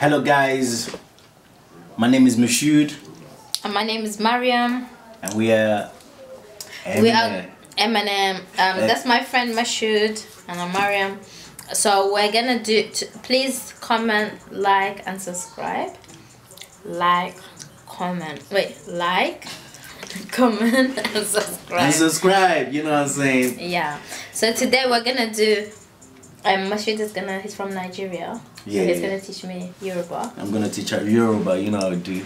Hello, guys. My name is Mashud. And my name is Mariam. And we are. Eminem. We are Eminem. Um, uh, that's my friend Mashud, and I'm Mariam. So we're gonna do. please comment, like, and subscribe. Like, comment. Wait, like comment and subscribe. And subscribe, you know what I'm saying? Yeah. So today we're gonna do um, my student's gonna. He's from Nigeria. Yeah. So he's gonna teach me Yoruba. I'm gonna teach her Yoruba. You know how I do.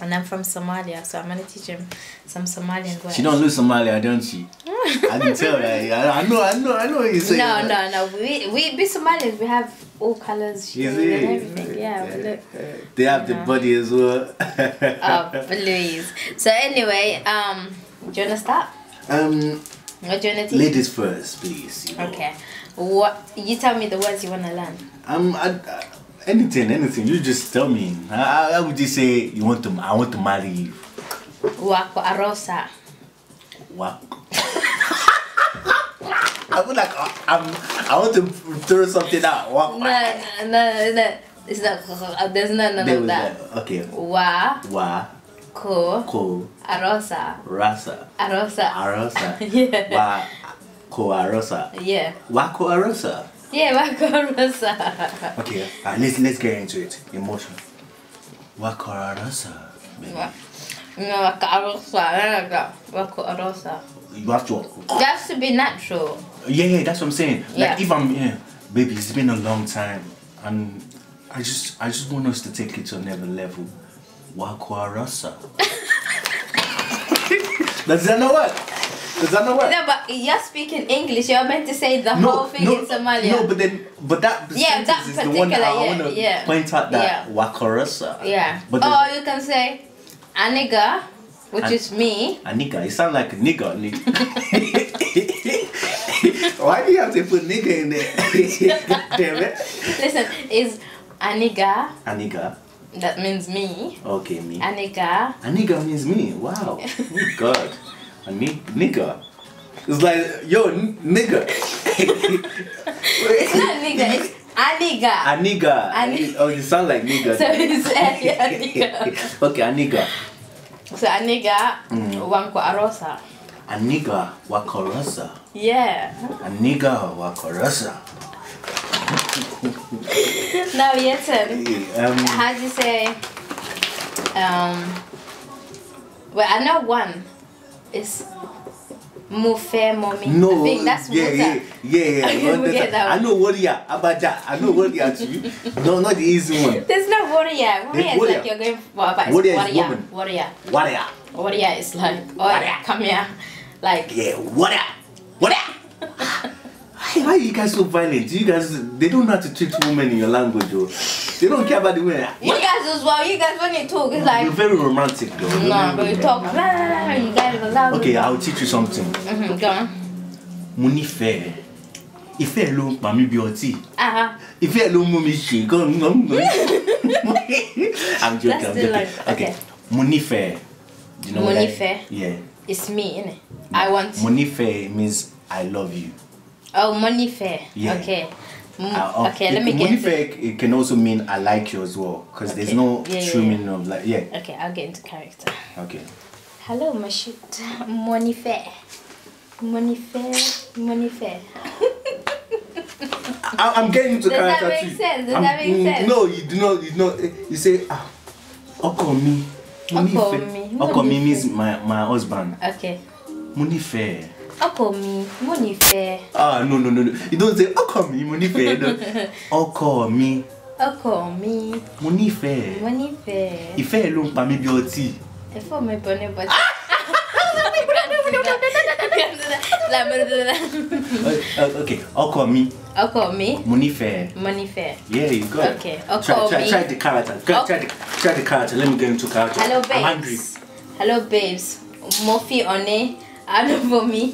And I'm from Somalia, so I'm gonna teach him some Somalian words. She don't know Somalia, don't she? I can tell. her. Eh? I know. I know. I know. you No, no, no. We we be Somalians. We have all colors, and everything. Yeah, yeah, look. They have know. the body as well. oh please. So anyway, um, do you wanna start? Um. What do you wanna teach? Ladies first, please. You know. Okay. What? You tell me the words you want to learn. Um, I, I, uh, anything, anything. You just tell me. I, I would just say you want to. I want to marry you. Wako arosa. Wako. I feel like uh, I'm. I want to throw something out. Wako. No, no, no, no. It's not. Uh, there's no none there of that. that. Okay. Wa. Wa. Ko. Ko. Arosa. Rasa. Arosa. Arosa. yeah. Wa. Coarosa. Yeah. Why Coarosa? Yeah, why Coarosa? okay, uh, let's let's get into it. Emotion. Why Coarosa? You have to. That's to be natural. Yeah, yeah, that's what I'm saying. Yeah. Like if I'm yeah, baby, it's been a long time, and I just I just want us to take it to another level. Wakwarasa. Does that not work? Does that not work? No, but you're speaking English. You're meant to say the no, whole thing no, in Somalia. No, but then, but that yeah, that is the one that I yeah, want to yeah. point out that yeah. Wakorasa. Yeah. But or oh, you can say Aniga, which an, is me. Aniga. It sound like nigga. Why do you have to put nigga in there? Damn it. Listen, is Aniga. Aniga. That means me. Okay, me. Aniga. Aniga means me. Wow. Oh, God a ni- nigger. It's like, yo, n- nigger. it's not nigger, it's Aniga. Aniga. Aniga. Oh, you sound like nigga. So it's Aniga. okay, Aniga. So Aniga mm. wanko arosa. Aniga wakorosa. Yeah. Aniga wakorosa. now your turn. Um, How do you say? Um, well, I know one it's fair, mommy. No, I think that's yeah, yeah, yeah, yeah, yeah. I know warrior that, I know warrior too. no, not the easy one. There's no warrior. Warrior is like you're going for well, warrior. Warrior. Warrior. warrior. warrior. Warrior is like oh warrior. come here, like yeah, warrior, warrior. why, why are you guys so violent? You guys, they don't know how to treat women in your language, though. She don't care about the way. I, you guys as well. You guys when you talk, it's like you're very romantic though. No, nah, but you talk. Blah, blah, you guys are loud. Okay, I'll teach you something. Mm-hmm, go on. Mo fair. Ìfẹ́ ló ń pa mí bí ọtí. Uh-huh. Ìfẹ́ ló ń mú mi ṣe gan I'm joking. I'm joking. Like, okay. okay. Mo nífẹ̀ẹ́. You know Mo nífẹ̀ẹ́. Yeah. It's me, innit? I want. Mo fair means I love you. Oh, mo fair. Yeah. Okay. Mm. Uh, oh, okay, it, let me get into it. it can also mean I like you as well because okay. there's no yeah, true yeah, meaning of like yeah. Okay, I'll get into character. Okay. Hello, Mashut. Monife. Monife. Monife. I, I'm getting into Does character that make too. sense? Does I'm, that make mm, sense? No, you do not. You do not. Eh, you say, ah, Okomi. Okomi. Okomi means my my husband. Okay. Munife. ọkọ mi mo nífẹ̀ẹ́. ah no no no no you don't say ọkọ mi mo nífẹ̀ẹ́ no ọkọ mi. ọkọ mi. mo nífẹ̀ẹ́. mo nífẹ̀ẹ́. ìfẹ́ ẹ ló ń pa mí bí ọtí. ẹ̀fọ́ mi bọ̀ ní bọ̀tí. Ah! okay ọkọ mi. ọkọ mi. mo nífẹ̀ẹ́. mo nífẹ̀ẹ́. yeah you go. okay ọkọ mi. Try, try, try the character try, try, the, try the character let me get into character. hello babes. I'm hungry. hello babes mo fi ọ̀nẹ́ àdúgbò mi.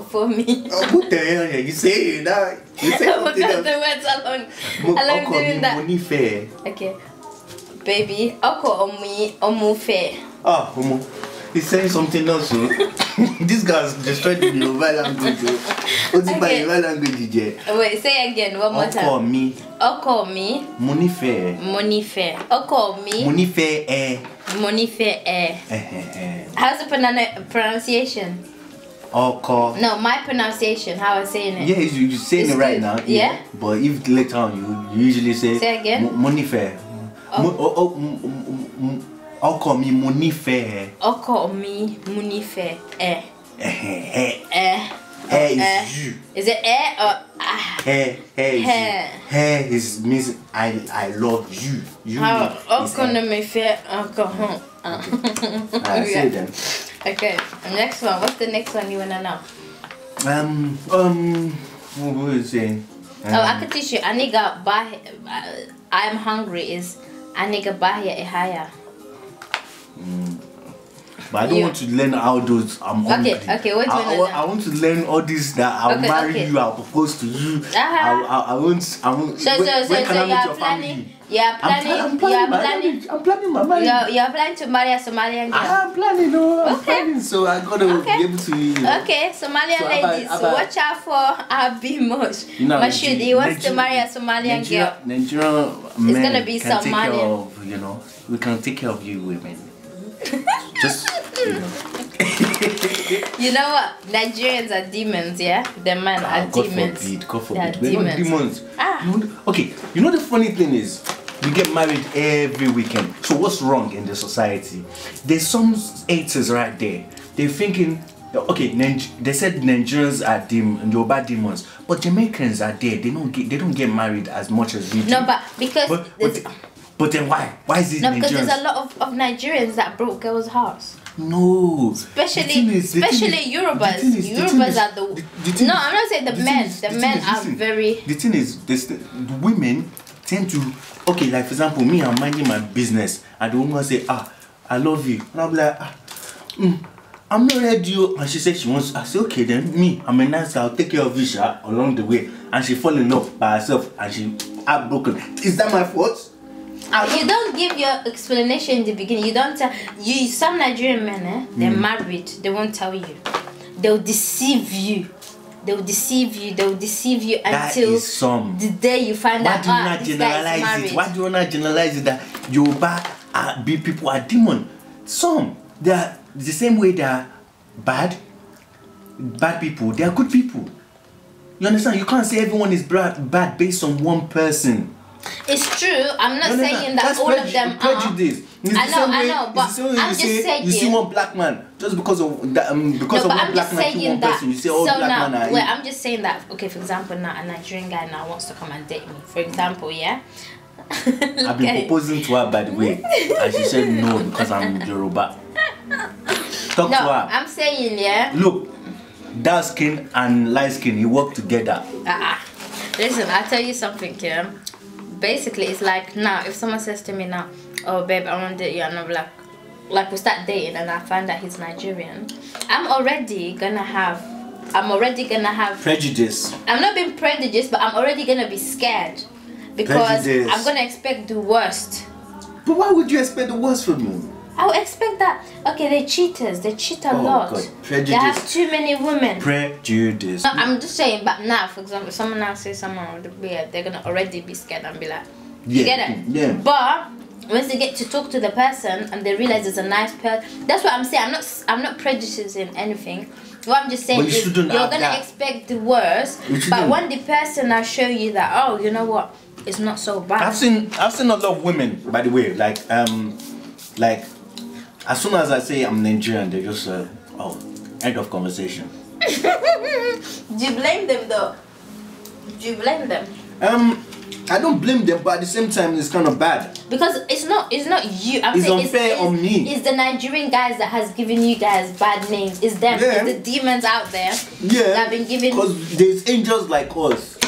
for me. oh, put the hell on you. You say it now. You say it. because the words alone. Mo- alone doing that. Money fair. Okay. Baby, Oko Omi Omu fair. Ah, Omu. He's saying something else. Oh. So. this guy's destroyed the Yoruba language. What's it by Yoruba language, DJ? Wait, say again one more time. Oko mi. Oko mi. Money fair. Money fair. Oko mi. Money fair eh. Money fair eh. Eh, eh, eh. How's the pronunciation? Oko. No, my pronunciation, how I'm saying it. Yeah, you, are saying it's it right good. now. Yeah. yeah. But if later on you, usually say. Say again. Monife. Oh. oh, oh oko mi monife. Oko mi monife. Eh. Eh. Eh. Hey eh is you. Is it eh or ah? Hey, hey, hey. Hey is means I I love you. You. How? Okon me fe encore. I say them. Okay, next one. What's the next one you wanna know? Um, um, what would you say? Um, oh, I could teach you. Aniga bah. I'm hungry is aniga bahya ehaya. But I don't you. want to learn how those. I'm hungry. Okay, okay. What do you I, want I, I want to learn all this that I'll okay, marry okay. you, I'll propose to you. Uh -huh. I, I, I, won't. I won't. So, so, so, when so, so you're planning. Family? You're planning. I'm, pl- I'm planning. You're planning. I'm planning my marriage. You're, you're planning to marry a Somalian ah, girl. I'm planning. No, oh, I'm okay. planning. So I gotta okay. be able to. You know. Okay, Somalian so ladies, about, watch out for You know, Mashud, he wants to marry a Somalian girl. Nigerian men it's gonna be can Somalian. take care of you know. We can take care of you women. Just you know. you know what? Nigerians are demons, yeah? The men ah, are God demons. God forbid, God forbid. We're demons. not demons. Ah. Okay, you know the funny thing is, you get married every weekend. So what's wrong in the society? There's some haters right there. They're thinking, okay, they said Nigerians are dem- Yoruba demons, but Jamaicans are there. They don't get they don't get married as much as we do. No, but because but, but, but then why? Why is it? No, Nigerians? because there's a lot of, of Nigerians that broke girls' hearts. No. Especially, is, especially is, Yorubas. Is, Yorubas are the. the no, I'm not saying the men. the men are very. The thing is, this, the women tend to okay like for example me i'm minding my business and the woman say ah i love you and i'm like ah mm, i'm not ready oh. and she said she wants i say okay then me i'm a nice guy i'll take care of you sha along the way and she fall in love by herself and she heartbroken is that my fault I ah, you don't give your explanation in the beginning. You don't tell you some Nigerian men, eh, they're mm. married, they won't tell you. They'll deceive you they will deceive you. They will deceive you that until the day you find out. Why do you ah, not generalize it? Why do you not generalize it that Yoruba are be people are demon? Some they are the same way they are bad, bad people. They are good people. You understand? You can't say everyone is bad, based on one person. It's true. I'm not no, no, saying no. that That's all of them prejudice. are. It's I know, I know, but I'm just say, saying. You see one black man just because of that, um, because no, of one I'm black man to one that. person. You see all oh, so black now, Are wait, I'm just saying that. Okay, for example, now a Nigerian guy now wants to come and date me. For example, yeah. I've been proposing to her by the way, and she said no because I'm Yoruba. Talk no, to her. I'm saying yeah. Look, dark skin and light skin, you work together. Uh-uh. Listen, I tell you something, Kim. Basically, it's like now if someone says to me now oh babe i want to date you and i'm like like we start dating and i find that he's nigerian i'm already gonna have i'm already gonna have prejudice i'm not being prejudiced but i'm already gonna be scared because prejudice. i'm gonna expect the worst but why would you expect the worst from me I would expect that. Okay, they're cheaters. They cheat a oh, lot. God. Prejudice. They have too many women. Prejudice. No, I'm just saying, but now, for example, someone else says someone with a beard, they're going to already be scared and be like, yeah, you get it? Yeah. But once they get to talk to the person and they realize it's a nice person that's what i'm saying i'm not i'm not prejudicing anything what i'm just saying is you you're gonna that. expect the worst but when the person i show you that oh you know what it's not so bad i've seen i've seen a lot of women by the way like um like as soon as i say i'm nigerian they just uh, oh end of conversation do you blame them though do you blame them um I don't blame them, but at the same time, it's kind of bad. Because it's not, it's not you. I'm it's unfair it's, on me. It's the Nigerian guys that has given you guys bad names. It's them. Yeah. It's the demons out there. Yeah. That have been given. Because there's angels like us.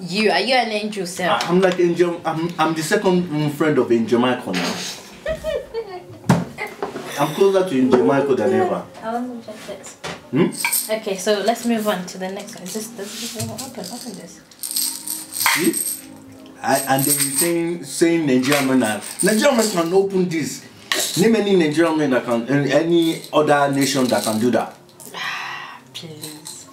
You are you an angel, sir? I'm like angel. I'm I'm the second friend of Angel Michael now. I'm closer to Angel Michael than ever. I want to check this. Hmm? Okay, so let's move on to the next one. Is this, does this, what happened? What happened this? See? I, and they were saying, saying Nigerian men are, Nigerian men can open this. Name any Nigerian men that can, any other nation that can do that. Please.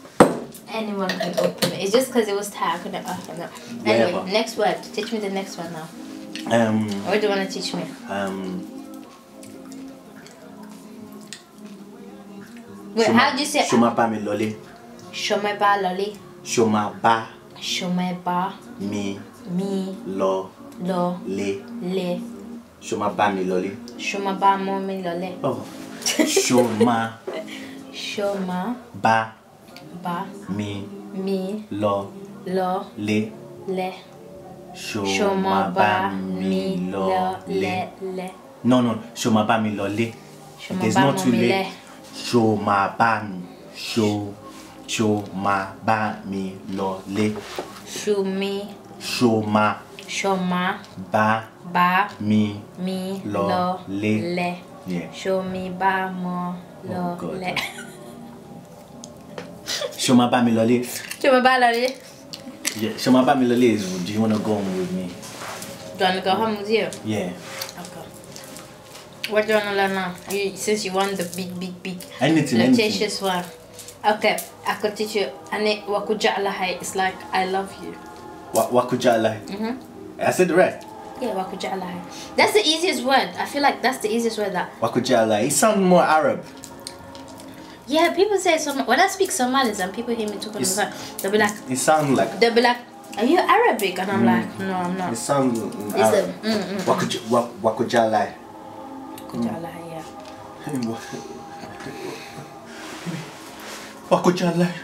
Anyone can open it. It's just because it was tired. I couldn't open it. Anyway, next word. Teach me the next one now. Um. What do you want to teach me? Um. Wait, how do you say? Shoma ba mi lolly. Shoma ba lolly. Shoma ba. Ṣọmọẹba. Mi. Mi. Lọ. Lọ. Lé. Lé. Ṣó máa mi lọlé. Ṣó máa bá mọ́ mi lọlé. Ṣó máa. Oh. Ṣó máa. Bá. Bá. Mi. Mi. Lọ. Lọ. Lé. Lé. Ṣó máa bá mi lọlé. No, no, ṣó máa bá mi lọlé. Ṣó There's not too late. Ṣó máa bá Show me. Show me. Bá. Bá. Mi. Mi. Lọ. Lé. Lẹ. Yeah. ba oh Ṣọmabámilọlé. Ṣọmabámilọlé. Yeah, Ṣọmabámilọlé is do you want to go home with me? Do you want to go home with you? Yeah. Okay. What do you want to learn now? You, since you want the big, big, big, anything, flirtatious anything. one. Okay, I could teach you. And it wakuja'alahi is like I love you. Wa- wakuja'alahi. hmm eh, I said it right. Yeah, wakuja'alahi. That's the easiest word. I feel like that's the easiest word that. Wakuja'alahi. It sounds more Arab. Yeah, people say some. When I speak Somali, and people hear me talking about, they'll be like. It sounds like. They'll be like, "Are you Arabic?" And I'm mm. like, "No, I'm not." It sounds. Mm, it's Arab. the. Mm, mm. Wakuj- wak- wakuja'alahi. yeah. Ako dyan lang.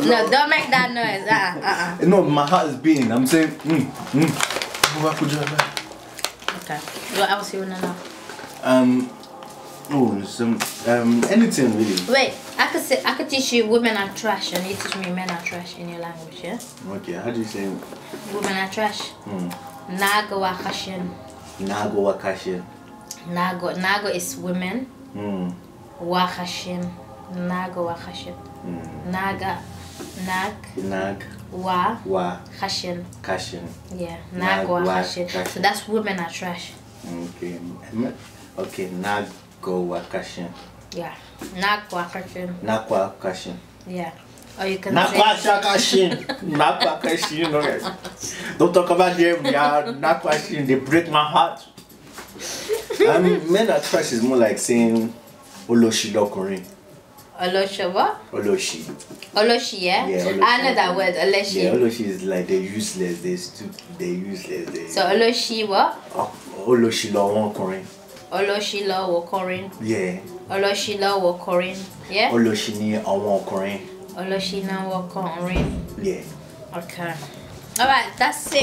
no, don't make that noise. Uh -uh, No, my heart is beating. I'm saying, mm, mm. Ako dyan lang. Okay. What else you wanna know? Um, oh, some, um, anything really. Wait, I could say, I could teach you women are trash and you teach me men are trash in your language, yeah? Okay, how do you say Women are trash. Hmm. Nago wakashin. Nago wakashin. Nago, nago is women. Hmm. Wax Hashem. Nag Wach Hashem. Naga. Nag. Nag. Wa. Wa. Hashem. Kashin. Yeah. Nag, nag Hashem. So that's women are trash. Okay. Okay. Nag go Kashin. Yeah. Nag Wa Kashin. Nag Kashin. Yeah. Or you can Nakwa Shakashin. Nakwa Kashin. You know Don't talk about them. Yeah. Nakwa Shin. They break my heart. I mean, men are trash is more like saying Oloshi lọkùnrin. Oloshi what? Oloshi. Oloshi yeah? Yeah, Olóṣì. I know that word, Oloshi. Yeah, Oloshi is like they useless, they stupid, they useless. They're... So oloshi what? Ah, Olóṣì lọ́wọ́ ọkùnrin. Olóṣì lọ́wọ́ ọkùnrin. Yeah. Olóṣì lọ́wọ́ ọkùnrin. Yeah. Oloshi ní ọwọ́ ọkùnrin. Oloshi na wọ ọkùnrin. Yeah. Okay. All right, that's it.